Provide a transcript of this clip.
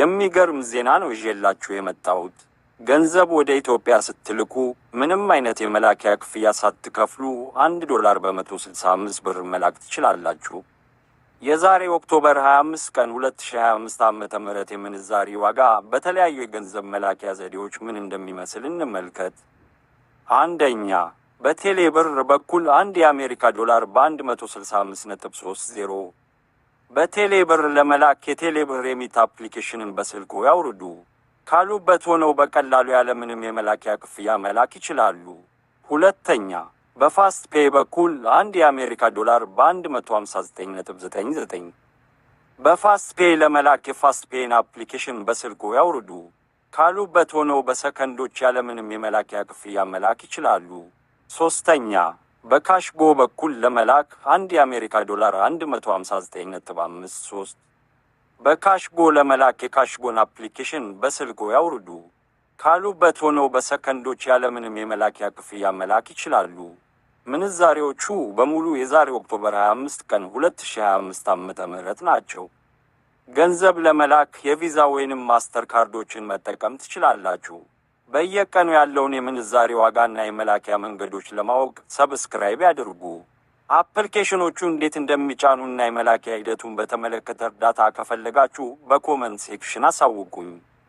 የሚገርም ዜና ነው ይዤላችሁ የመጣሁት። ገንዘብ ወደ ኢትዮጵያ ስትልኩ ምንም አይነት የመላኪያ ክፍያ ሳትከፍሉ አንድ ዶላር በመቶ 65 ብር መላክ ትችላላችሁ። የዛሬ ኦክቶበር 25 ቀን 2025 ዓ ም የምንዛሪ ዋጋ በተለያዩ የገንዘብ መላኪያ ዘዴዎች ምን እንደሚመስል እንመልከት። አንደኛ በቴሌ ብር በኩል አንድ የአሜሪካ ዶላር በ165.30 በቴሌ ብር ለመላክ የቴሌ ብር ሬሚት አፕሊኬሽንን በስልኮ ያውርዱ። ካሉበት ሆነው በቀላሉ ያለምንም የመላኪያ ክፍያ መላክ ይችላሉ። ሁለተኛ፣ በፋስት ፔይ በኩል አንድ የአሜሪካ ዶላር በ159.99 በፋስት ፔይ ለመላክ የፋስት ፔይን አፕሊኬሽን በስልኮ ያውርዱ። ካሉበት ሆነው በሰከንዶች ያለምንም የመላኪያ ክፍያ መላክ ይችላሉ። ሶስተኛ በካሽጎ በኩል ለመላክ አንድ የአሜሪካ ዶላር 159.53 በካሽጎ ለመላክ የካሽጎን አፕሊኬሽን በስልኮ ያውርዱ። ካሉበት ሆነው በሰከንዶች ያለምንም የመላኪያ ክፍያ መላክ ይችላሉ። ምንዛሬዎቹ በሙሉ የዛሬ ኦክቶበር 25 ቀን 2025 ዓ.ም ናቸው። ገንዘብ ለመላክ የቪዛ ወይንም ማስተር ካርዶችን መጠቀም ትችላላችሁ። በየቀኑ ያለውን የምንዛሬ ዋጋና የመላኪያ መንገዶች ለማወቅ ሰብስክራይብ ያድርጉ። አፕሊኬሽኖቹ እንዴት እንደሚጫኑና የመላኪያ ሂደቱን በተመለከተ እርዳታ ከፈለጋችሁ በኮመንት ሴክሽን አሳውቁኝ።